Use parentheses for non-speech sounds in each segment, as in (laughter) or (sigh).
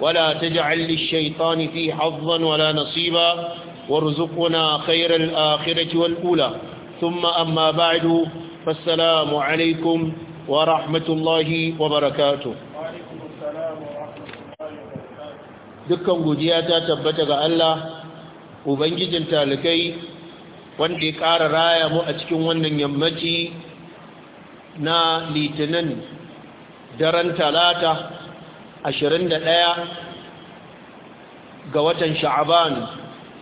ولا تجعل للشيطان في حظا ولا نصيبا وارزقنا خير الآخرة والأولى ثم أما بعد فالسلام عليكم ورحمة الله وبركاته dukkan godiya ta tabbata ga Allah ubangijin talikai wanda ya ƙara raya mu a cikin wannan yammaci na litinin daren talata ɗaya ga watan sha'aban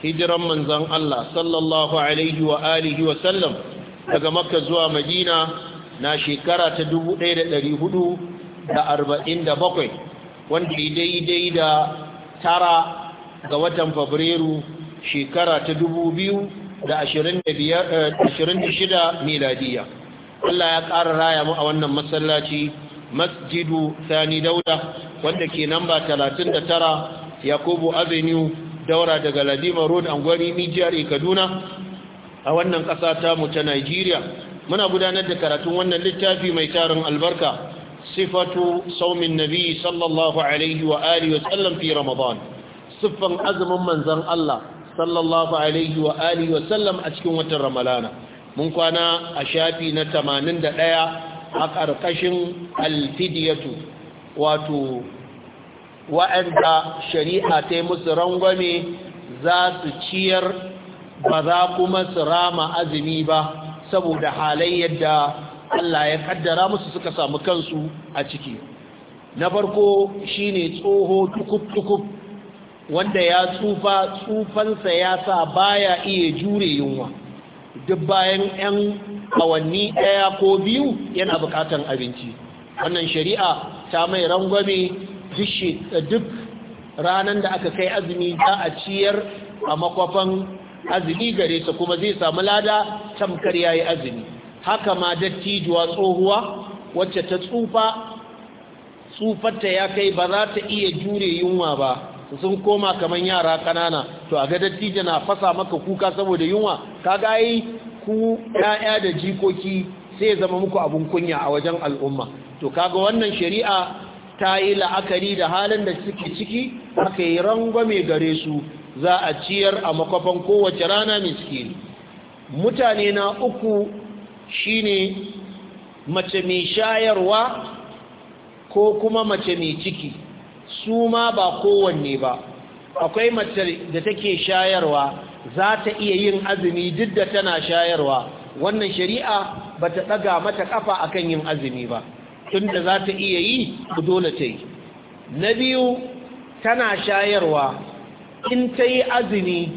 hijiran manzan Allah sallallahu alaihi wa alihi wa sallam daga makka zuwa madina na shekara ta dubu ɗaya da da da hudu arba'in bakwai, wanda daidai da tara ga watan fabrairu shekara ta dubu biyu da eh, da shida miladiya Allah ya ƙara raya mu a wannan masallaci masjidu sani dauda wanda ke namba 39 yakubu avenue daura daga ladima road angwari nijiyar kaduna a wannan ƙasa tamu ta nigeria muna gudanar da karatun wannan littafi mai tarin albarka sifatu saumin nabi sallallahu alaihi wa alihi wa sallam fi ramadan siffan azumin manzon Allah sallallahu alaihi wa alihi wa sallam a cikin watan ramalana mun kwana a shafi na ɗaya. a ƙarƙashin alfidiyatu wato wa'anda shari'a ta musu rangwame za su ciyar ba za kuma su rama azumi ba saboda halayyar yadda Allah ya kaddara musu suka samu kansu a ciki na farko shi ne tsoho tukub-tukub wanda ya tsufa tsufansa ya sa baya iya jure yunwa duk bayan 'yan awanni ɗaya ko biyu yana bukatan abinci wannan shari'a ta mai rangwame duk ranar da aka kai azumi za a ciyar a makwafan azumi gare su kuma zai samu lada tamkar ya yi azumi haka ma dattijuwa tsohuwa wacce ta tsufa tsufarta ya kai ba za ta iya jure yunwa ba sun koma kamar yara kanana to a ga dattijo na fasa maka kuka saboda yunwa kaga yi ku ƴaƴa da jikoki sai zama muku abun kunya a wajen al'umma to kaga wannan shari'a ta yi la'akari da halin da suke ciki aka yi rangwame gare su za a ciyar a makwafan kowace rana miskini mutane na uku shine mace mai shayarwa ko kuma mace mai ciki su ma ba kowanne ba akwai mace da take shayarwa za ta iya yin azumi duk da tana shayarwa wannan shari'a ba ta ɗaga mata ƙafa akan yin azumi ba tun da za ta iya yi dole ta yi na biyu tana shayarwa in ta yi azumi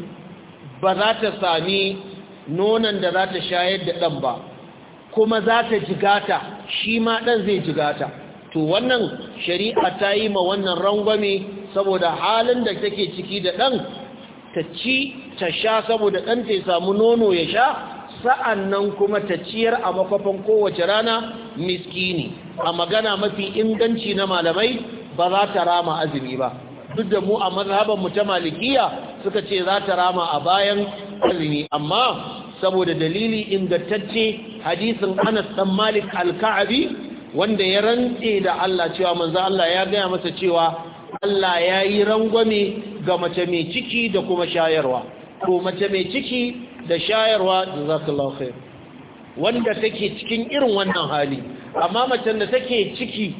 ba za ta sami nonon da za ta shayar da ɗan ba kuma za ta jigata shi ma ɗan zai jigata to wannan shari'a ta yi ma wannan rangwame saboda halin da take ciki da ɗan ta ci ta sha saboda ɗan ta samu nono ya sha sa'annan kuma ta ciyar a makwafan kowace rana miskini a magana mafi inganci na malamai ba za ta rama azumi ba duk da mu a mu ta malikiya suka ce za ta rama a bayan azumi amma saboda dalili ingantacce hadisin anas ɗan malik kaabi wanda ya rantse da Allah cewa manzo Allah ya gaya masa cewa Allah ya yi rangwame ga mace mai ciki da kuma shayarwa To mace mai ciki da shayarwa jazakallahu khair wanda take cikin irin wannan hali amma macen da take ciki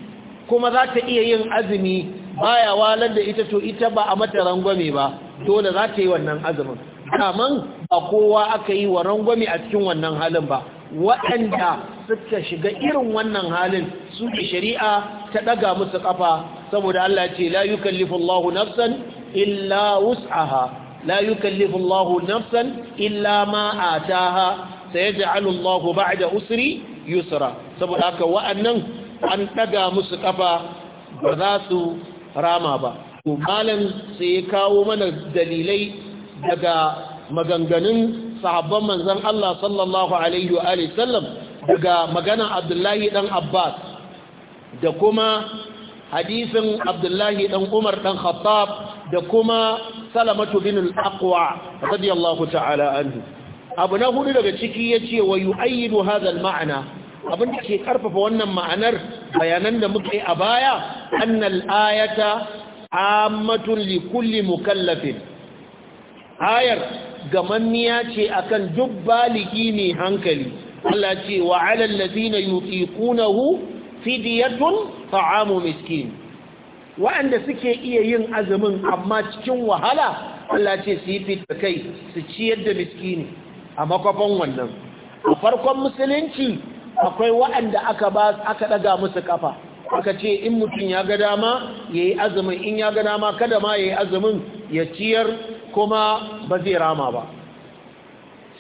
kuma za ta iya yin azumi baya walar da ita to ita ba a mata rangwame ba dole za ta yi wannan azumin kaman ba kowa aka yi wa rangwame a cikin wannan halin ba waɗanda suka shiga irin wannan halin su da shari'a ta ɗaga musu ƙafa saboda Allah ce la yukallifu Allahu nafsan illa wus'aha la yukallifu Allahu nafsan illa ma ataha sayaj'alu Allahu da usri yusra saboda haka wa'annan an ɗaga musu ƙafa ba za su rama ba malam sai ya kawo mana dalilai daga maganganun sahabban manzon Allah sallallahu alaihi daga magana Abdullahi ɗan Abbas da kuma hadisin Abdullahi ɗan Umar ɗan Khattab da kuma Salamatu bin al radiyallahu ta'ala anhu abu na hudu daga ciki yace wa yu'ayyidu hadha al ma'ana. abin da ke karfafa wannan ma'anar bayanan da muka yi a baya annal ayata ammatun li kulli mukallafin ayar gamanniya ce akan duk baliki ne hankali Allah ce wa na yuki kunahu fidiyatun ta'amu miskin wa'anda suke iya yin azumin amma cikin wahala Allah ce su yi fita kai su ciyar da miskini a makwafon wannan a farkon musulunci akwai wa'anda aka ba aka daga musu kafa aka ce in mutum ya ga dama ya yi azumin in ya ga dama kada ma ya yi azumin ya ciyar kuma ba zai rama ba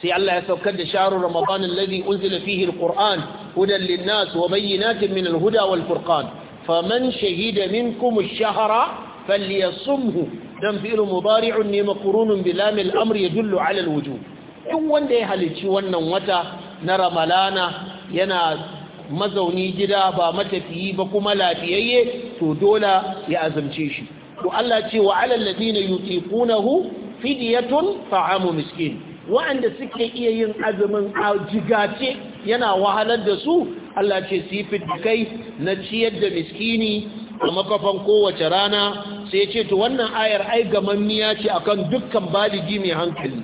sai Allah ya saukar da sharu ramadan alladhi unzila fihi alquran hudan linnas wa bayyinatin min alhuda wal furqan faman shahida minkum ash-shahra falyasumhu تنفير مضارع مقرون amri ya يدل على الوجوب duk wanda ya halici wannan wata na ramalana yana mazauni gida ba matafiyi ba kuma lafiyayye to dole ya azumce shi to Allah ce wa alal ladina yutiqunahu fidiyatun ta'amu miskin wa'anda suke iya yin azumin jigace yana wahalar da su Allah ce su yi fitikai na ciyar da miskini a makafan kowace rana sai ce to wannan ayar ai gamanniya ce akan dukkan baligi mai hankali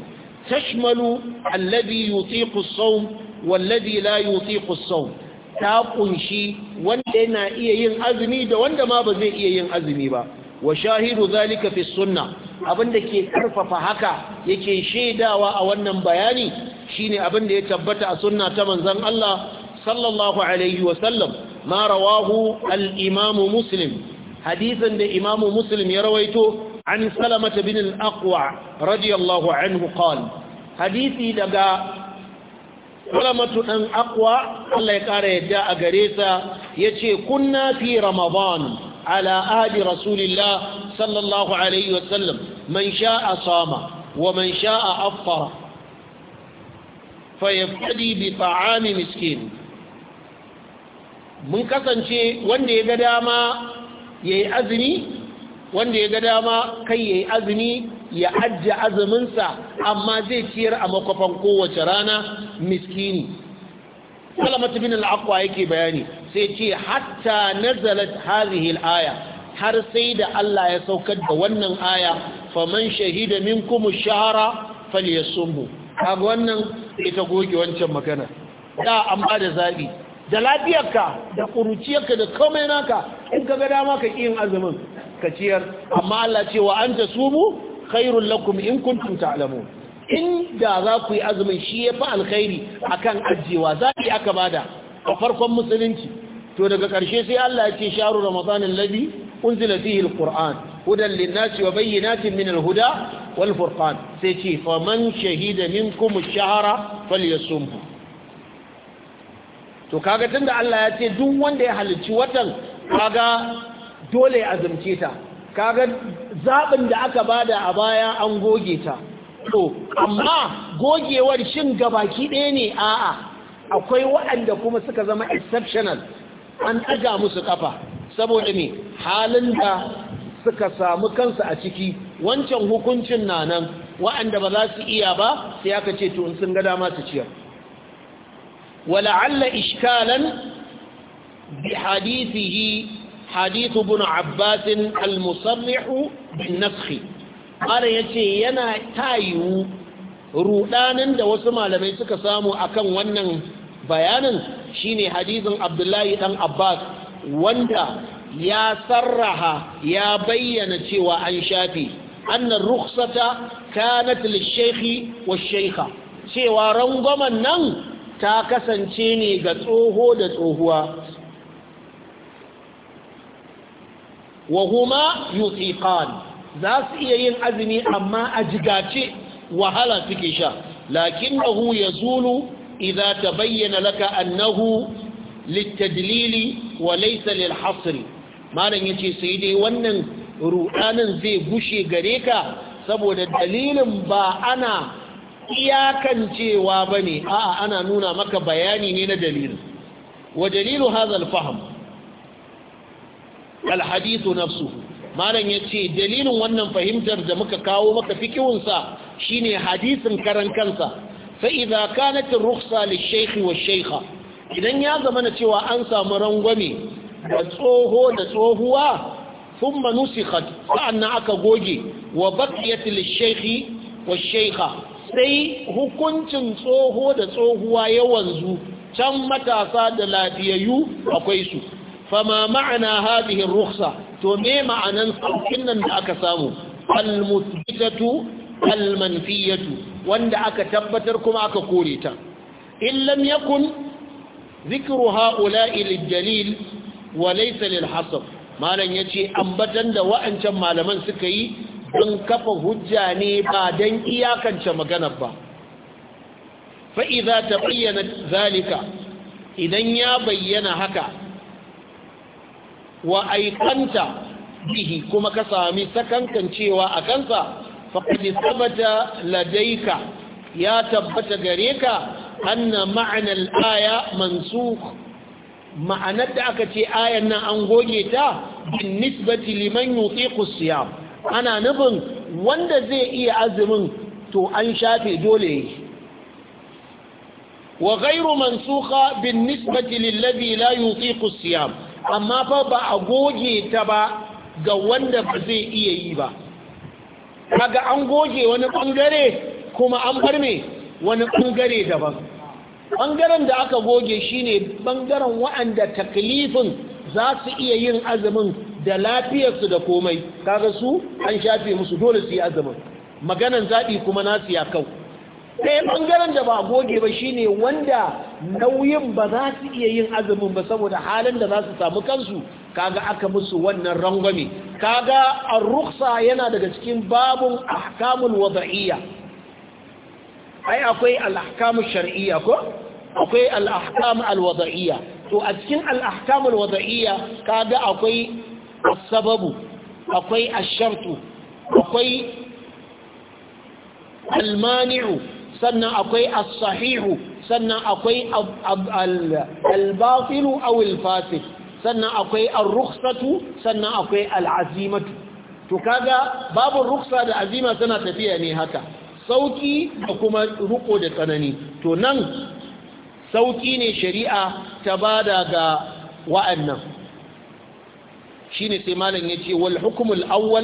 tashmalu allazi yutiqu as-sawm la yutiqu as-sawm ta kunshi wanda yana iya yin azumi da wanda ma ba zai iya yin azumi ba wa shahidu zalika fi sunnah abinda ke karfafa haka yake shaidawa a wannan bayani shine abinda ya tabbata a sunna ta manzon Allah sallallahu alaihi wa sallam ma rawahu al-imamu muslim hadisin da imamu muslim ya rawaito an salamata bin al-aqwa radiyallahu anhu qala hadisi daga salamatu dan aqwa Allah ya kara yadda a gare sa yace kunna fi ramadan على آل رسول الله صلى الله عليه وسلم من شاء صام ومن شاء أفطر فيفتدي بطعام مسكين mun kasance wanda ya ga dama ya yi azumi wanda ya ga dama kai ya yi azumi ya ajiye azuminsa amma zai ciyar a makwafan kowace rana miskini salama bin al-aqwa yake bayani sai ce hatta nazalat hadhihi al-aya har sai da Allah ya saukar da wannan aya faman shahida minkum ash-shahra falyasumhu kaga wannan ita goge wancan magana da an ba da zabi da lafiyarka da kuruciyarka da komai naka in ka ga dama ka yin azumin ka ciyar amma Allah ce wa anta sumu khairul lakum in kuntum ta'lamun inda za ku yi azumin shi ya fi alkhairi akan ajiyewa zaɓi aka bada a farkon musulunci to daga ƙarshe sai Allah ya ce sharu ramadanin labi unzila fihi alquran hudan linnasi wa bayyinatin min alhuda wal furqan sai ce faman shahida minkum ash-shahra falyasumhu to kaga tunda Allah ya ce duk wanda ya halarci watan kaga dole azumce ta kaga zaɓin da aka bada a baya an goge ta to amma gogewar shin gabaki ɗaya ne a'a akwai waɗanda kuma suka zama exceptional an ɗaga musu ƙafa saboda me halin da suka samu kansu a ciki wancan hukuncin na nan waɗanda ba za su iya ba sai aka ce to in sun ga dama su ciyar wala'alla ishkalan bi hadithihi hadithu ibn abbasin al-musarrih bin naskhi malam ya ce yana tayiwu rudanin da wasu malamai suka samu akan wannan bayanin shine hadisin abdullahi dan abbas wanda ya sarraha ya bayyana cewa an shafi annar rukhsata kanat lishaykhi washaykha cewa rangwamen nan ta kasance ne ga tsoho da tsohuwa wa huma yutiqan za su iya yin azumi amma a jigace wahala suke sha zulu, yazulu ta bayyana laka annahu litadlili wa laysa lilhasri malam yace sai dai wannan rudanin zai gushe gare ka saboda dalilin ba ana iyakancewa bane a'a ana nuna maka bayani ne na dalilin wa dalilu hadha alfahm alhadith nafsuhu malam ya ce dalilin wannan fahimtar da muka kawo maka fikiwunsa shine hadisin karan kansa na kanatin ruksa lishaikhi wa shaikha idan ya zama na cewa an samu rangwame da tsoho da tsohuwa sun manusikhat sa'annan aka goge wa baƙiyat lishaikhi wa shaikha sai hukuncin tsoho da tsohuwa yawanzu can matasa da lafiyayyu akwai su fama ma'ana hadihin ruksa to me ma'anan saukin nan da aka samu al-musbitatu al-manfiyatu wanda aka tabbatar kuma aka kore ta in lam yakun zikru ha'ula'i lil-dalil wa laysa lil-hasab malan yace ambatan da wa'ancan malaman suka yi don kafa hujja ne ba dan iyakance magana ba fa idza tabayyana zalika idan ya bayyana haka wa aikanta bihi kuma ka sami sakankancewa a kansa faqad sabata ladaika ya tabbata gare ka anna ma'ana aya ma'anar da aka ce ayan nan an goge ta bin nisbati liman yutiqu siyam ana nufin wanda zai iya azumin to an shafe dole yake وغير منسوخة بالنسبة للذي لا يطيق الصيام amma fa ba a goge ta ba ga wanda ba zai iya yi ba kaga an goge wani ɓangare kuma an farme wani ɓangare daban ɓangaren da aka goge shine ɓangaren wa'anda taklifin za su iya yin azumin da lafiyarsu da komai kaga su an shafe musu dole su yi azumin maganan zaɓi kuma nasu ya kau ɗaya ɓangaren da ba goge ba shine wanda nauyin ba za su iya yin azumin ba saboda halin da za su samu kansu kaga aka musu wannan rangwame kaga ar yana daga cikin babun ahkamul wada'iyya ai akwai al shar'iyya ko akwai al-ahkam to a cikin al-ahkam kaga akwai sababu akwai ash akwai almani'u sannan akwai as-sahihu sannan akwai al-batilu aw al sannan akwai ar-rukhsatu sannan akwai al-azimatu to kaga babu rukhsa da azima suna tafiya ne haka sauki da kuma ruko da tsanani to nan sauki ne shari'a ta bada ga wa'annan shine sai malam yace wal hukmul awwal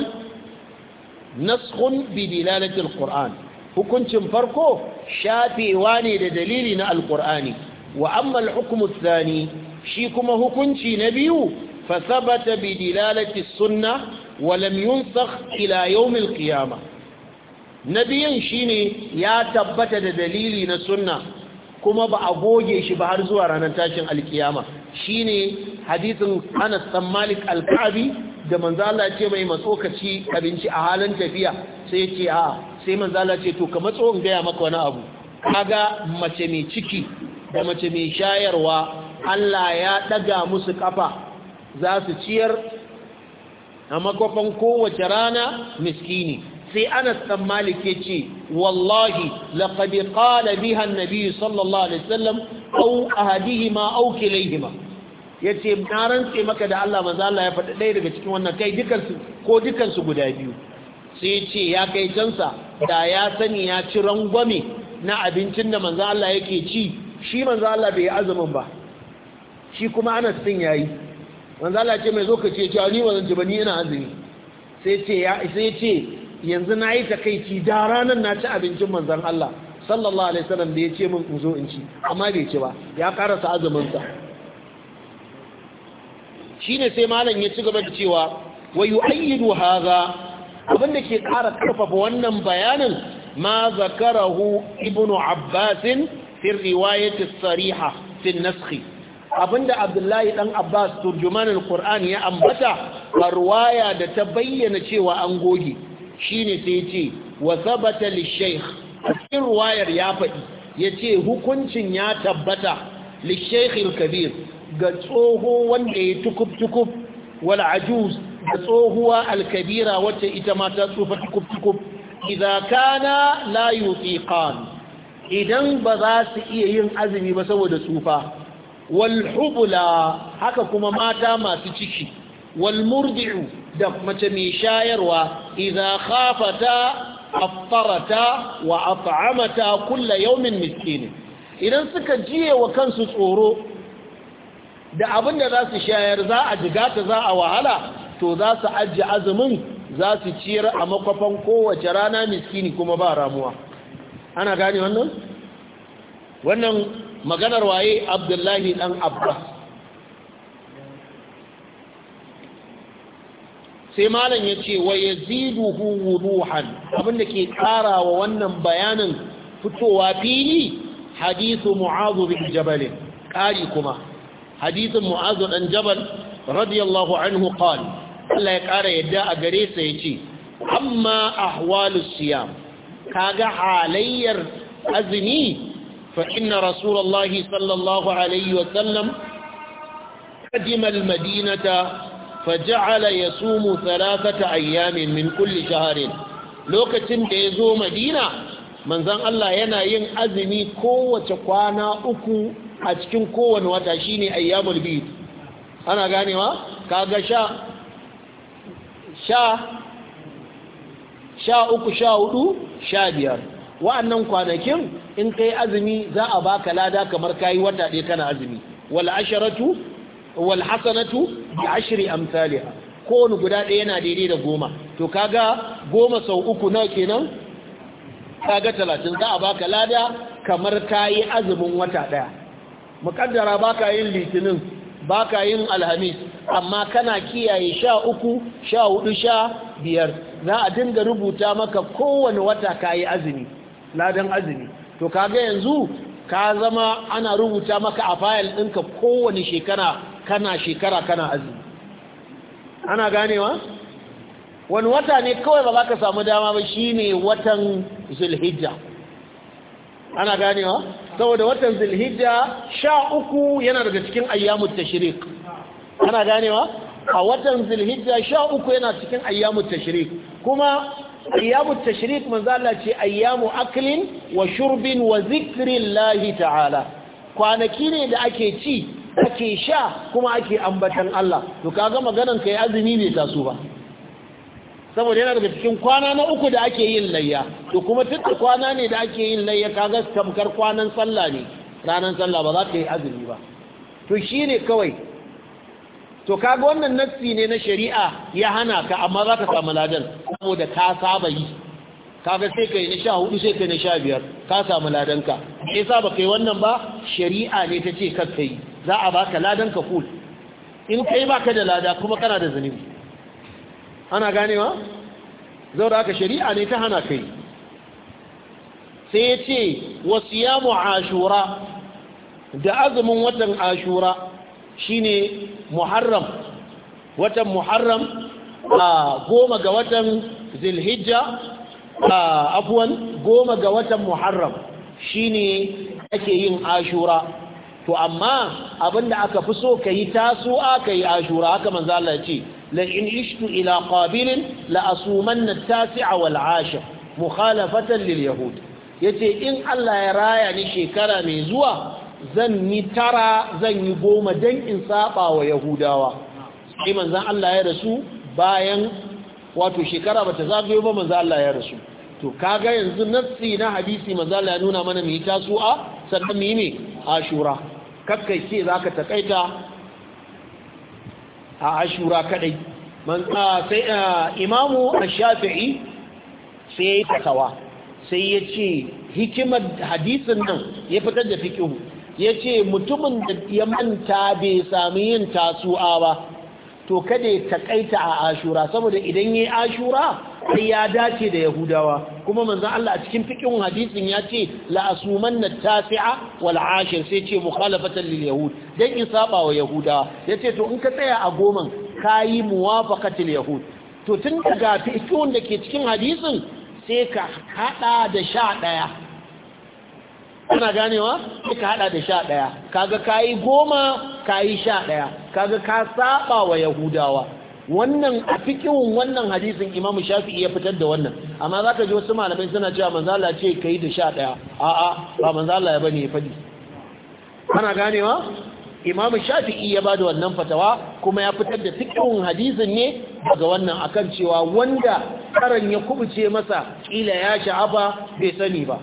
naskhun bi dilalatil qur'an hukuncin farko shafewa ne da dalili na alkur'ani wa ammal hukumu shi kuma hukunci na biyu fasabata bi dilalati sunna wa lam yunsakh ila yawmil qiyama nabiyan shine ya tabbata da dalili na sunna kuma ba a goge shi ba har zuwa ranar tashin alkiyama shine hadisin Anas bin Malik al-Ka'bi da manzo Allah ya ce mai matsokaci abinci a halin tafiya sai ya ce a sai manzo Allah ce to ka matso in gaya maka wani abu kaga mace mai ciki da mace mai shayarwa Allah ya daga musu kafa za su ciyar a makofan kowace rana miskini sai Anas dan Malik yace wallahi laqad qala biha an-nabi sallallahu alaihi wasallam aw ahadihima aw kilayhima yace na rantse maka da Allah manzo Allah ya faɗi ɗaya daga cikin wannan kai dukansu ko dukansu guda biyu sai ce ya kai cansa da ya sani ya ci rangwame na abincin da manzan Allah yake ci shi manzan Allah bai azumin ba shi kuma ana sun yayi manzan Allah ce mai zo ka ce cewa ni wannan jibani yana azumi sai ce ya sai ce yanzu nayi takeici da ranan na ci abincin Manzan Allah sallallahu alaihi wasallam da ya ce min in zo in ci amma bai ci ba ya karasa azumin sa ne sai malam ya ci gaba da cewa wa yu'ayyidu hadha abin da ke ƙara karfafa wannan bayanin ma zakarahu ibnu abbasin fi riwayati sariha fi naskhi abinda abdullahi dan abbas turjumanin qur'ani ya ambata a riwaya da ta bayyana cewa an goge shine sai ce wa sabata lishaykh cikin faɗi ya faɗi yace hukuncin ya tabbata lishaykh kabir ga tsoho wanda ya tukub tukub wal ajuz da tsohuwa alkabira wacce ita ma ta tsufa tukub-tukub kana la yutiqan idan ba za su iya yin azumi ba saboda tsufa wal hubula haka kuma mata masu ciki wal murdi'u da mace mai shayarwa idan khafata affarata wa at'amata kulla yawmin miskin idan suka jiye wa kansu tsoro da abin da za su shayar za a jigata za a wahala to za su ajiye azumin za su ciyar a makwafan kowace rana miskini kuma ba ramuwa ana gane wannan wannan maganar waye abdullahi dan abba sai malam ya ce wa yaziduhu wuduhan abinda ke ƙara wa wannan bayanin fitowa fili hadithu mu'azu bin jabal ƙari kuma hadithin mu'azu dan jabal radiyallahu anhu qala Allah ya ƙara yadda a gare sa ya ce amma ahwalus siyam kaga halayyar azumi fa inna rasulullahi sallallahu alaihi wa sallam قدم المدينة فجعل يصوم ثلاثة أيام من كل شهر lokacin da ya zo madina manzan Allah yana yin azumi kowace kwana uku a cikin kowane wata shine ayyamul bid ana ganewa kaga sha sha sha uku sha hudu sha biyar wa'annan kwanakin in kai azumi za a baka lada kamar kayi wata ɗaya kana azumi wal asharatu wal hasanatu bi ashri amsalha wani guda ɗaya yana daidai da goma to kaga goma sau uku na kenan kaga talatin za a baka lada kamar kayi azumin wata ɗaya muƙaddara baka yin litinin ba ka yin alhamis amma kana kiyaye sha uku sha hudu sha biyar za a dinga rubuta maka kowane wata ka yi azumi ladan azumi to kaga yanzu ka zama ana rubuta maka a fayil ɗinka kowane shekara kana shekara kana azumi ana ganewa wani wata ne kawai ba za ka samu dama ba shine watan zulhijja ana ganewa saboda watan zulhijja sha uku yana daga cikin ayyamun tashirik ana ganewa a watan zulhijja sha uku yana cikin ayyamun tashrik kuma ayyamut tashrik manzo ce ayyamu aklin wa shurbin wa lahi ta'ala kwanaki ne da ake ci ake sha kuma ake ambatan Allah to kaga maganan kai azumi bai taso ba saboda yana daga cikin kwana na uku da ake yin layya to kuma duk kwana ne da ake yin layya kaga tamkar kwanan sallah ne ranan sallah ba za ta yi azumi ba to shi ne kawai to kaga wannan nassi ne na shari'a ya hana ka amma za ka samu ladan saboda ka saba yi kaga sai kai na hudu sai kai na biyar ka samu ladanka me yasa ba kai wannan ba shari'a ne ta ce kar za a baka ladanka full in kai baka da lada kuma kana da zunubi ana ganewa zau da aka shari'a ne ta hana kai sai ya ce wasu yamu ashura da azumin watan ashura shine muharram watan muharram a goma ga watan zilhijja a afuwan goma ga watan muharram shine ake yin ashura to amma abinda aka fi so ka yi taso aka yi ashura haka manzala ce لئن عشت إلى قابل لأصومن التاسع والعاشر مخالفة لليهود يتي إن الله يرايا نشي zan yi زن ترى زن يقوم دن إنصابا ويهوداوا إما زن الله يرسو باين wato shekara bata zagayo ba manzo Allah ya rasu to kaga yanzu nassi na hadisi manzo Allah ya nuna mana mu yi tasu'a sannan mu yi ne ce zaka taƙaita. a ashura kadai imamu shafi'i sai ya yi sai ya ce hikimar hadisin nan ya fitar da fikihu ya ce mutumin da ya manta bai sami yin tasu'a ba to kada ya takaita a ashura saboda idan yayi ashura sai ya dace da yahudawa kuma manzon Allah a cikin fikin hadisin ya ce la'asuman na tasi'a wal sai ce mukhalafatan lil yahud dan in saba wa yahudawa yace to in ka tsaya a goman kayi muwafaqatil yahud to tun daga fikin da ke cikin hadisin sai ka hada da sha daya kana ganewa sai ka hada da sha daya kaga kayi goma ka yi sha ɗaya kaga ka saba wa yahudawa wannan a fikin wannan hadisin imamu shafi'i ya fitar da wannan amma za ka ji wasu malamai suna cewa manzala ce ka yi da sha ɗaya a'a ba manzala ya bane ya faɗi ana ganewa imamu shafi'i ya ba da wannan fatawa kuma ya fitar da fikin hadisin ne daga wannan akan cewa wanda karan ya kubuce masa kila ya sha'afa bai sani ba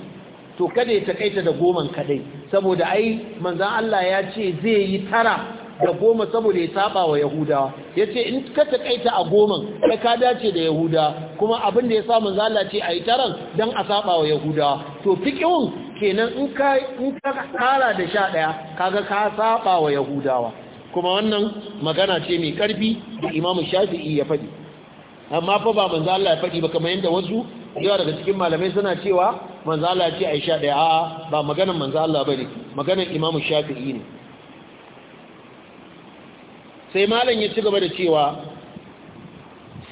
to kada ya takaita da goman kadai saboda ai manzan Allah ya ce zai yi tara da goma saboda ya saba wa yahudawa ya ce in ka taƙaita a goman ka ka dace da yahuda kuma abin da ya sa manzan Allah ce a yi taran don a saba wa yahudawa to fiƙihun kenan in ka kara da sha ɗaya kaga ka saba wa yahudawa kuma wannan magana ce mai ƙarfi da imamu shafi'i ya faɗi amma fa ba manzan Allah ya faɗi ba kamar yadda wasu yawa daga cikin malamai suna cewa Manzala ce a sha daya a'a ba maganar Manzala ba bane maganar Imam Shafi'i ne sai malam ya ci gaba da cewa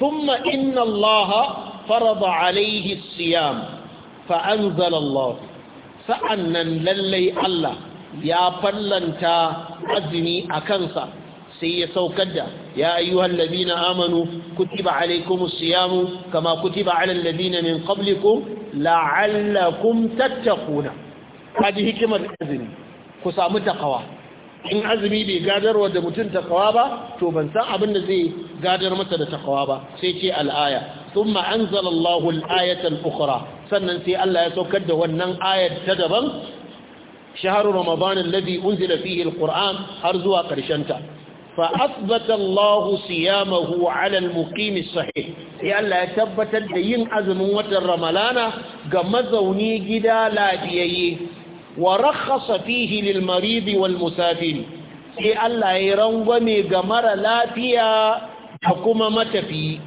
summa inna faraba farada alaihi siyam fa anzala Allah sa'annan lallai Allah ya fallanta azumi a kansa sai ya saukar da ya ayyuhal ladina amanu kutiba alaykumus siyamu kama kutiba alal ladina min qablikum la'allakum tattaquna kaji hikimar azumi ku samu takawa in azumi bai gadarwa da mutum takawa ba to ban san abin da zai gadar masa da takawa ba sai ce al'aya thumma anzalallahu Allahu al-ayata al-ukhra sannan sai Allah ya saukar da wannan ayar ta daban shahru ramadan alladhi unzila fihi al-qur'an har zuwa karshen ta فأثبت الله صيامه على المقيم الصحيح يلا يثبت الدين أزم وترملانا قمزوني جدا لا ديي ورخص فيه للمريض والمسافر يلا يرنغمي قمر لا فيها حكومة متفي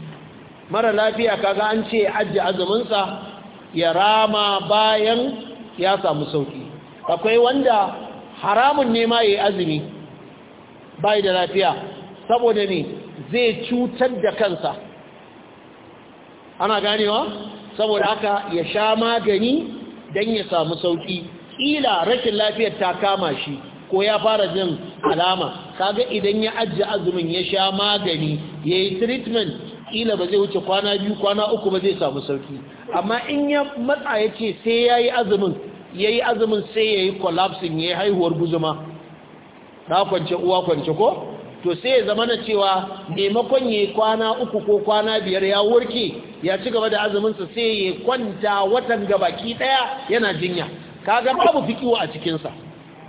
مر لا فيها كغانشي أج أزمنسا يراما باين ياسا مسوكي akwai wanda haramun ne ma yayi azumi bai da lafiya saboda ne zai cutar da kansa ana ganewa saboda haka ya sha magani don ya samu sauki ƙila rashin lafiyar ta kama shi ko ya fara jin alama kaga idan ya ajiye azumin ya sha magani ya yi treatment ƙila ba zai wuce kwana biyu kwana uku ba zai samu sauki amma in ya matsa ya ce sai ya yi azumin ya yi azumin sai ya yi collapsing ya yi haihuwar guzuma ka kwance uwa kwance ko to sai ya zama na cewa maimakon ya kwana uku ko kwana biyar ya warke ya ci gaba da azuminsa sai ya kwanta watan gaba ki daya yana jinya kaga babu fikiwa a cikinsa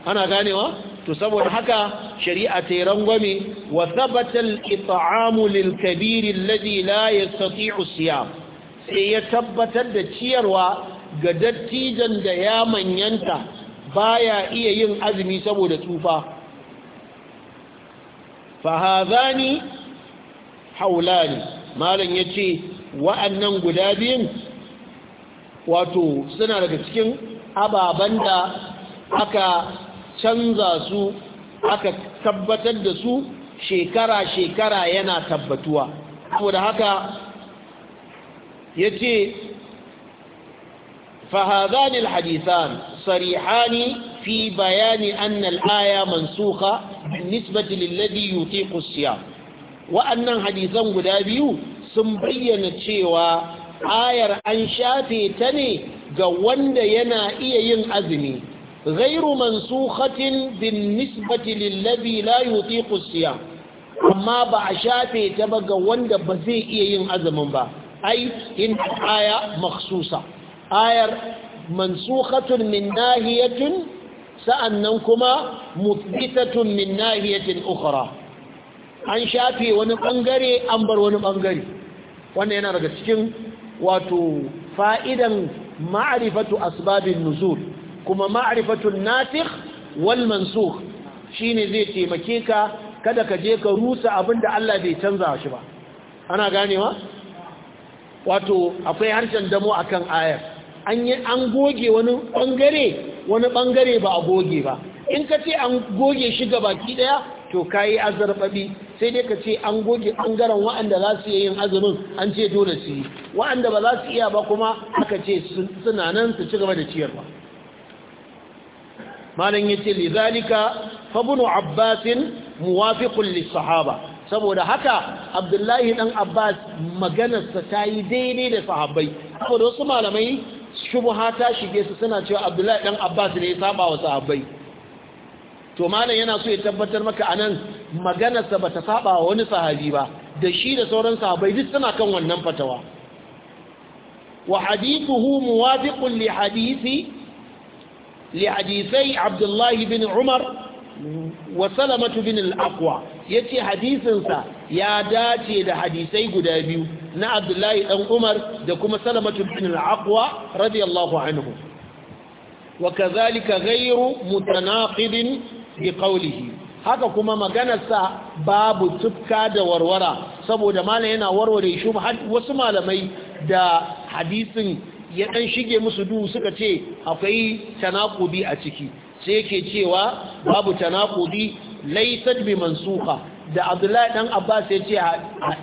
ana ganewa to saboda haka shari'a ta yi rangwame wa tabbatar ita'amu lil kabiri alladhi la yastati'u siyam sai ya tabbatar da ciyarwa ga dattijan da ya manyanta baya iya yin azumi saboda tsufa fahazani haulani malam ya ce wa'annan guda biyun wato suna daga cikin ababen da aka canza su aka tabbatar da su shekara-shekara yana tabbatuwa saboda haka ya ce fahazani hadisan sarihani fi bayani annal aya mansuka bisnisbati lillabi yuti kusiya wa'annan hadisan guda biyu sun bayyana cewa ayar an shafe ta ne ga wanda yana iya yin azumi غير منسوخة بالنسبة للذي لا يطيق الصيام وما بعشاته تبقى واند بزيئي ينعزم با أي إن آية مخصوصة آية منسوخة من ناهية sa'annan kuma musbitatun min nahiyatin ukura. an shafe wani bangare an bar wani bangare wannan yana daga cikin wato fa'idan maarifatu asbabin nuzul kuma maarifatun natikh wal mansukh shine zai taimake ka kada ka je ka rusa abin da Allah bai canza shi ba ana ganewa wato akwai harshen damo akan ayar an an goge wani ɓangare wani bangare ba a goge ba in ka ce an goge shi ga baki daya to ka kayi azarbabi sai dai ka ce an goge bangaren waɗanda za su iya yin azumin an ce dole su yi waɗanda ba za su iya ba kuma aka ce suna nan su ci gaba da ciyar ciyarwa malam yace lizalika fabnu abbasin muwafiqun lissahaba sahaba saboda haka abdullahi ɗan abbas maganarsa ta yi daidai da sahabbai saboda wasu malamai shubha ta shige su suna cewa abdullahi dan abbas ne ya saba wa sahabbai to malam yana so ya tabbatar maka anan maganarsa bata saba wa wani sahabi ba da shi da sauran sahabbai duk suna kan wannan fatawa wa hadithuhu muwafiqun li hadithi li hadithai abdullahi bin umar wa salamatu bin al-aqwa yace hadisin sa ya dace da hadisai guda biyu na abdullahi dan umar da kuma salamatu bin al-aqwa radiyallahu anhu wa kazalika ghayru mutanaqidin bi qawlihi haka kuma sa babu tufka da warwara saboda malam yana warware shi wasu malamai da hadisin ya dan shige musu duhu suka ce akwai tanaqudi a ciki sai yake cewa babu tanaqudi laysat bi mansukha da abdullahi dan abbas ya ce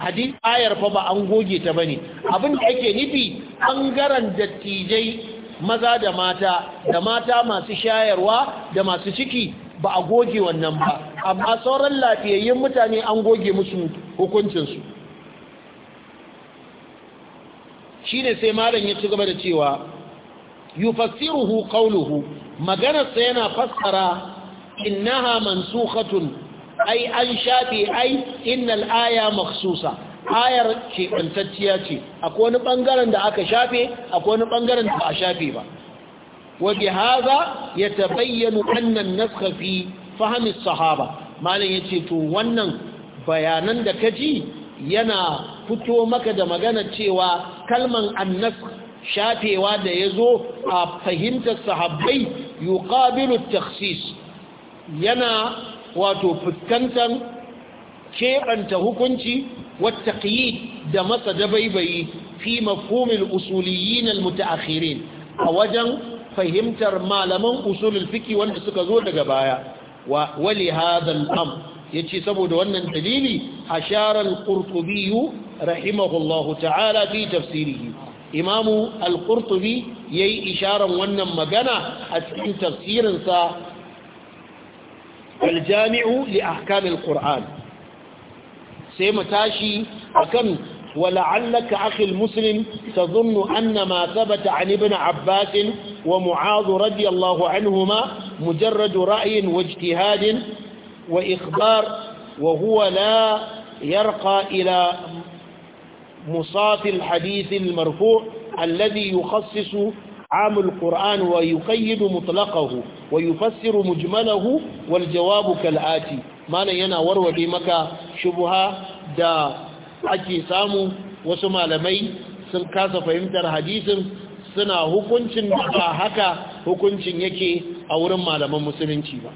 hadith ayar fa ba an goge ta bane abin da yake nufi bangaren dattijai maza da mata da mata masu shayarwa da masu ciki ba a goge wannan ba amma sauran lafiyayyun mutane an goge musu hukuncinsu shi ne sai malam ya ci gaba da cewa yufassiruhu qawluhu maganarsa yana fassara innaha mansukhatun ai an shafe ai innal aya makhsusa ayar ke bantacciya ce akwai wani bangaren da aka shafe akwai wani bangaren da ba a shafe ba wa bi hadha yatabayyanu anna an-naskh fi sahaba malam yace to wannan bayanan da kaji yana fito maka da magana cewa kalman annas shafewa da yazo a fahimtar sahabbai yuqabilu at-takhsis yana wato fuskantar keɓanta hukunci wata da masa dabaibayi fi mafhumin usuliyin almutaakhirin a wajen fahimtar malaman usulul fiki wanda suka zo daga baya wa wali hadhal am yace saboda wannan dalili a sharar qurtubi rahimahullahu ta'ala fi tafsiri imamu al ya yayi isharan wannan magana a cikin tafsirinsa الجامع لأحكام القرآن سيما تاشي أكن ولعلك أخي المسلم تظن أن ما ثبت عن ابن عباس ومعاذ رضي الله عنهما مجرد رأي واجتهاد وإخبار وهو لا يرقى إلى مصاف الحديث المرفوع الذي يخصص عام القرآن ويقيد مطلقه ويفسر مجمله والجواب كالآتي ما ينا ورو مكا شبها دا أكي سامو وسمع لمي سنكاس فهمتر حديث suna hukuncin ba haka hukuncin yake a wurin malaman musulunci ba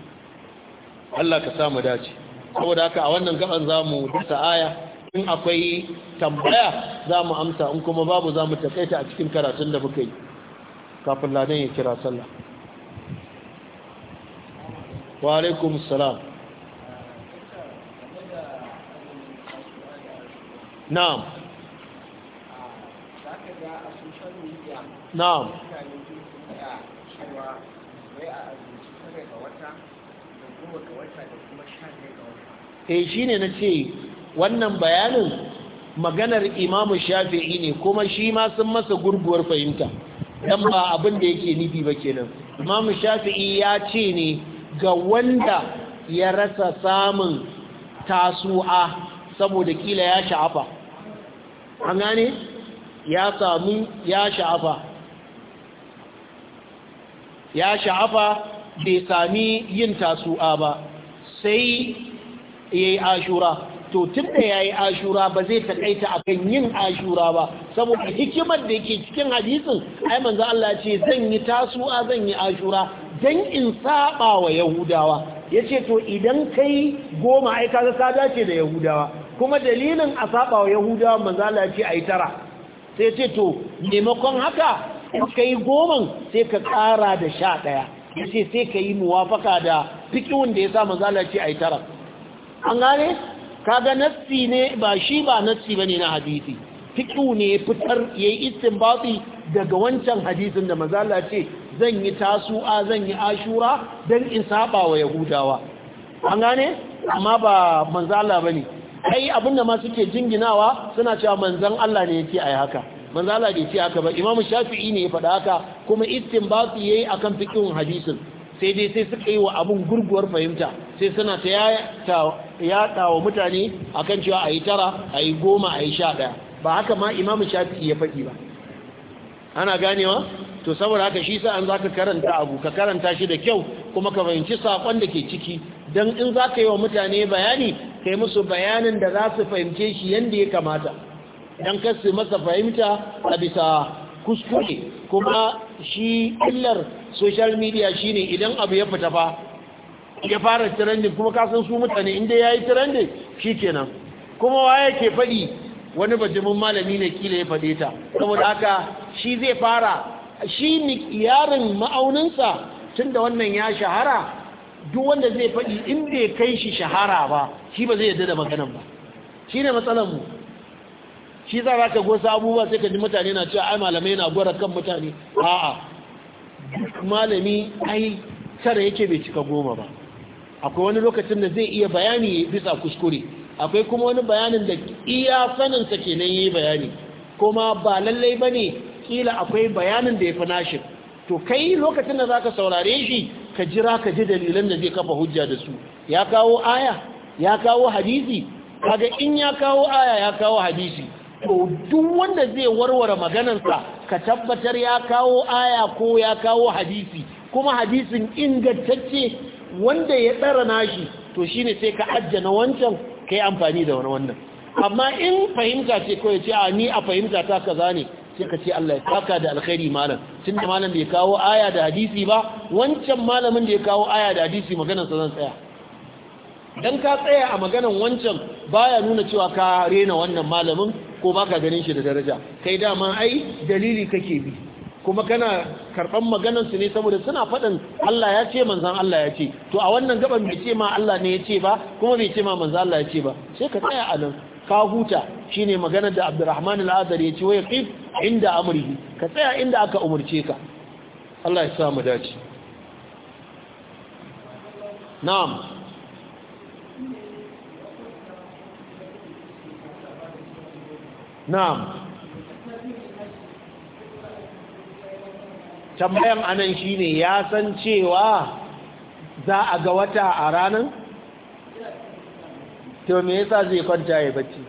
Allah ka samu dace saboda haka a wannan gaban zamu dasa aya in akwai tambaya zamu amsa in kuma babu zamu takaita a cikin karatun da muka yi kafin ladan ya kira sallah wa alaikum salam na'am na'am e eh, shi ne na ce wannan bayanin maganar imamu shafi'i ne kuma shi ma sun masa gurguwar fahimta dan ba abin da yake nufi ba kenan Imam Shafi'i ya ce ne ga wanda ya rasa samun tasu'a saboda kila ya sha'afa an gane ya samu ya sha'afa ya sha'afa bai sami yin tasu'a ba sai yayi ashura to tun da ya yi ashura ba zai takaita a kan yin ashura ba saboda hikimar da ke cikin hadisin ai manzo Allah ce zan yi tasu'a zan yi ashura dan in saba wa yahudawa yace to idan kai goma ai ka ka dace da yahudawa kuma dalilin a saba wa yahudawa manzo Allah ce ai tara sai ce to maimakon haka kai goman sai ka kara da sha ɗaya yace sai ka yi muwafaka da fikiwun da ya sa manzo Allah ce ai tara an gane kaga nassi ne ba shi ba nassi bane na hadisi fiƙo ne fitar yayi istinbati daga wancan hadisin da manzo ce zan yi tasu'a zan yi ashura dan in saba wa yahudawa an gane amma ba Manzala ba bane kai abinda ma suke jinginawa suna cewa manzon Allah ne yake ai haka Manzala Allah bai ce haka ba imamu shafi'i ne ya faɗa haka kuma istinbati yayi akan fiqhun hadisin sai dai sai suka yi wa abin gurguwar fahimta sai suna ta yada wa mutane a kan cewa a yi tara a yi goma a yi sha daya ba haka ma imamu shafi ya faɗi ba ana ganewa to saboda haka shi sa'an za ka karanta abu ka karanta shi da kyau kuma ka fahimci saƙon da ke ciki don in za ka yi wa mutane bayani ka yi musu bayanin da za su fahimce shi yadda ya kamata don kar masa fahimta a bisa kuskure kuma shi illar social media ne idan abu ya fita fa ya fara trending kuma kasan su mutane inda yayi trending kenan. kuma waye ke fadi wani bajimin malami ne kila ya fade ta saboda haka shi zai fara shi miƙiyarin ma'auninsa tun da wannan ya shahara duk wanda zai faɗi in bai kai shi shahara ba shi ba zai yadda da maganan ba shi ne mu shi za ka gosa abubuwa sai ka ji mutane na cewa ai malamai na gwara kan mutane a'a malami ai tara yake bai cika goma ba akwai wani lokacin da zai iya bayani bisa kuskure akwai kuma wani bayanin da iya saninsa kenan yi bayani kuma ba lallai ba ne kila akwai bayanin da ya fi nashi to kai lokacin da za ka saurare shi ka jira ka ji dalilan da zai kafa hujja da su ya kawo aya ya kawo hadisi kaga in ya kawo aya ya kawo hadisi to duk wanda zai warware maganarsa ka tabbatar ya kawo aya ko ya kawo hadisi kuma hadisin ingantacce wanda ya tsara nashi to shine sai ka ajjana wancan kai amfani da wani wannan amma in fahimta ce ko ya a ni a fahimta ta kaza ne sai ka ce Allah ya saka da alkhairi malam tun da malam bai kawo aya da hadisi ba wancan malamin da ya kawo aya da hadisi maganar zan tsaya dan ka tsaya a maganar wancan baya nuna cewa ka rena wannan malamin ko ba ka ganin shi da daraja kai dama ai dalili kake bi kuma kana karban maganar su ne saboda suna faɗin Allah ya ce manzan Allah ya ce to a wannan gaban bai ce ma Allah ne ya ce ba kuma bai ce ma manzan Allah ya ce ba sai ka tsaya a nan ka huta shine maganar da Abdurrahman al ya ce wa yaqif inda amrihi ka tsaya inda aka umurce ka Allah ya sa mu dace na'am na'am tambayan anan shine ya san cewa za a ga wata a ranan? to me yasa zai kwanta ya bacci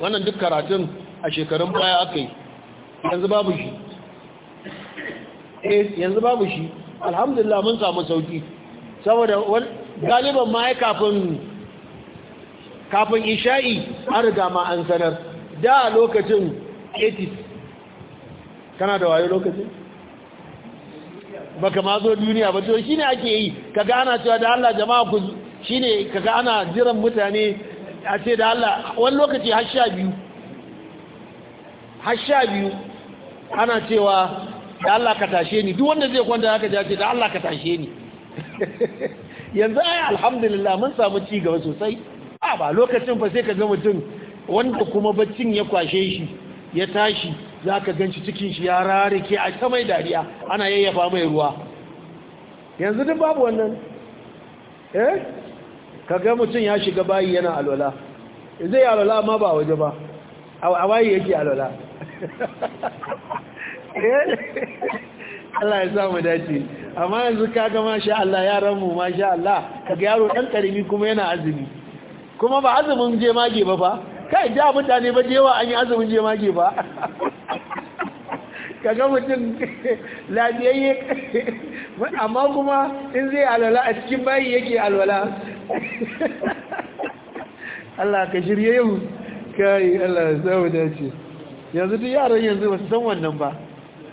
wannan duk karatun a shekarun baya aka yi yanzu babu shi eh yanzu babu shi alhamdulillah mun samu sauki saboda galiban ma ya kafin kafin isha'i an riga ma an sanar da lokacin 80 kana da wayo lokacin baka ma zo duniya ba to shine ake yi ka ana cewa da Allah jama'a ku shi ne ka ana jiran mutane a ce da Allah wani lokaci har sha biyu har sha biyu ana cewa da Allah ka tashe ni duk wanda zai kwanta haka ya ce da Allah ka tashe ni (laughs) yanzu ai alhamdulillah mun samu ci gaba sosai a ba lokacin fa sai ka ga mutum wanda kuma baccin ya kwashe shi ya tashi za ka ganci cikin shi ya rarike a samai dariya ana yayyafa mai ruwa yanzu duk babu wannan eh ka ga mutum ya shiga bayi yana alwala zai yi alwala ma ba waje ba a bayi yake alwala (laughs) eh? Allah ya sa mu dace amma yanzu ka ga mashi Allah yaran mu mashi Allah kaga yaro ɗan ƙarimi kuma yana azumi kuma ba azumin jemage mage ba kai da mutane ba jewa an yi azumin je mage ba kaga mutum lafiyayye amma kuma in zai alwala a cikin bayi yake alwala Allah ka shirye yau kai Allah ya zama dace yanzu duk yaran yanzu ba su san wannan ba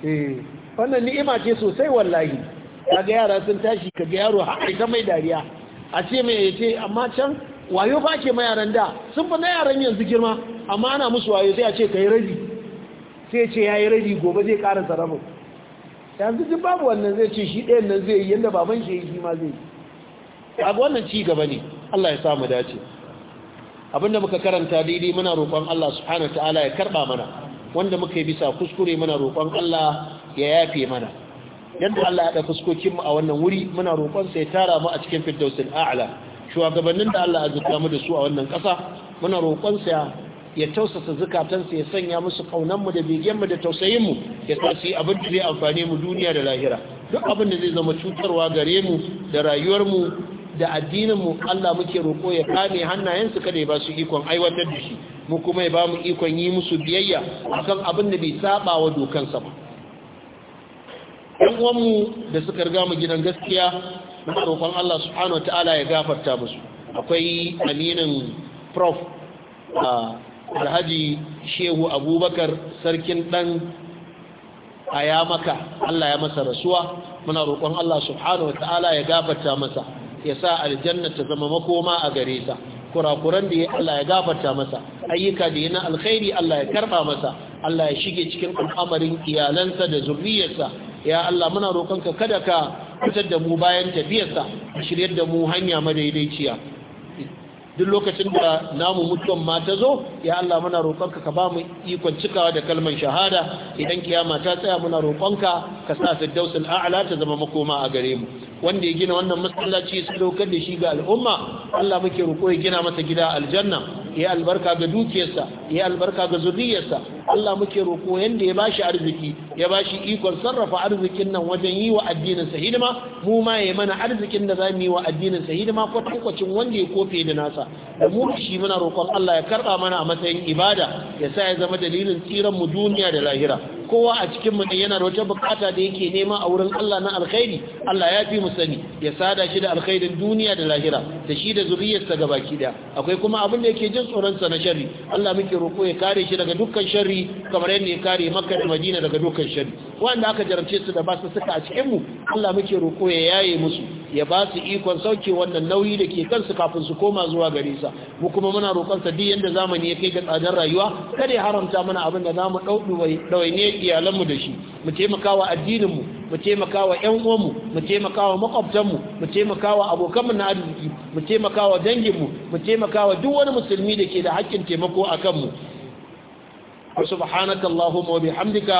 eh wannan ni'ima ce sosai wallahi kaga yara sun tashi kaga yaro har ai ta mai dariya a ce mai yace amma can wayo ba ke mayaran da sun fi na yaran yanzu girma amma ana musu wayo sai a ce ka yi rabi sai ce ya yi rabi gobe zai karanta rabin yanzu jin babu wannan zai ce shi ɗayan nan zai yi yadda baban shi yi ma zai yi wannan ci gaba ne Allah ya samu dace abinda muka karanta daidai muna roƙon Allah subhanahu ta'ala ya karba mana wanda muka yi bisa kuskure muna roƙon Allah ya yafe mana yadda Allah ya ɗa fuskokinmu a wannan wuri muna roƙon sai tara mu a cikin firdausin a'la shugabannin da Allah azurta mu da su a wannan ƙasa muna roƙonsa ya tausasa zukatansa ya sanya musu ƙaunanmu da begenmu da tausayinmu ya tsasi abin da zai amfane mu duniya da lahira duk abin da zai zama cutarwa gare mu da rayuwarmu da addininmu Allah muke roƙo ya kame hannayensu kada ya ba su ikon aiwatar da shi mu kuma ya ba mu ikon yi musu biyayya akan abin da bai saba wa dokansa ba ɗan uwanmu da suka riga mu gidan gaskiya na roƙon Allah subhanahu ta'ala ya gafarta musu akwai aminin prof alhaji shehu abubakar sarkin dan a maka Allah ya masa rasuwa muna roƙon Allah subhanahu ta'ala ya gafarta masa ya sa aljanna ta zama makoma a gare sa kurakuran da ya Allah ya gafarta masa ayyuka da ya na alkhairi Allah ya karba masa Allah ya shige cikin al'amarin iyalansa da zurriyarsa ya Allah muna roƙonka kada ka fitar da mu bayan tafiyarsa shiryar da mu hanya madaidaiciya duk lokacin da namu mutuwan ma ta zo ya Allah muna roƙonka ka ba mu ikon cikawa da kalman shahada idan kiyama ta tsaya muna roƙonka ka sa firdausul a'la ta zama makoma a gare mu wanda ya gina wannan masallaci su daukar da shi ga al'umma Allah muke roƙo ya gina masa gida aljanna ya albarka ga dukiyarsa ya albarka ga zuriyarsa Allah muke roƙo yanda ya bashi arziki ya bashi ikon sarrafa arzikin nan wajen yi wa addinin sa hidima mu ma ya mana arzikin da za mu yi wa addinin sa hidima kwatankwacin wanda ya kofe da nasa da mu shi muna roƙon Allah ya karɓa mana a matsayin ibada ya sa ya zama dalilin tsiran mu duniya da lahira kowa a cikin mu yana da wata bukata da yake nema a wurin Allah na alkhairi Allah ya fi mu sani ya sada shi da alkhairin duniya da lahira da shi da zuriyarsa baki daya akwai kuma abin da yake jin tsoronsa na sharri Allah muke roko ya kare shi daga dukkan sharri kamar yadda ya kare Makka da Madina daga dukkan sharri wanda aka jarabce su da basu saka a cikin mu Allah muke roko ya yaye musu ya ba su ikon sauke wannan nauyi da ke kansu kafin su koma zuwa gare sa mu kuma muna roƙon sa duk yanda zamani ya kai ga tsadar rayuwa kada ya haramta mana abin da zamu dawai ne mu da shi mu taimakawa addinin mu mu taimakawa ƴan uwan mu mu taimakawa makwabtan mu mu taimakawa abokanmu na arziki mu taimakawa dangin mu mu taimakawa duk wani musulmi da ke da haƙƙin taimako a kanmu subhanakallahumma wa bihamdika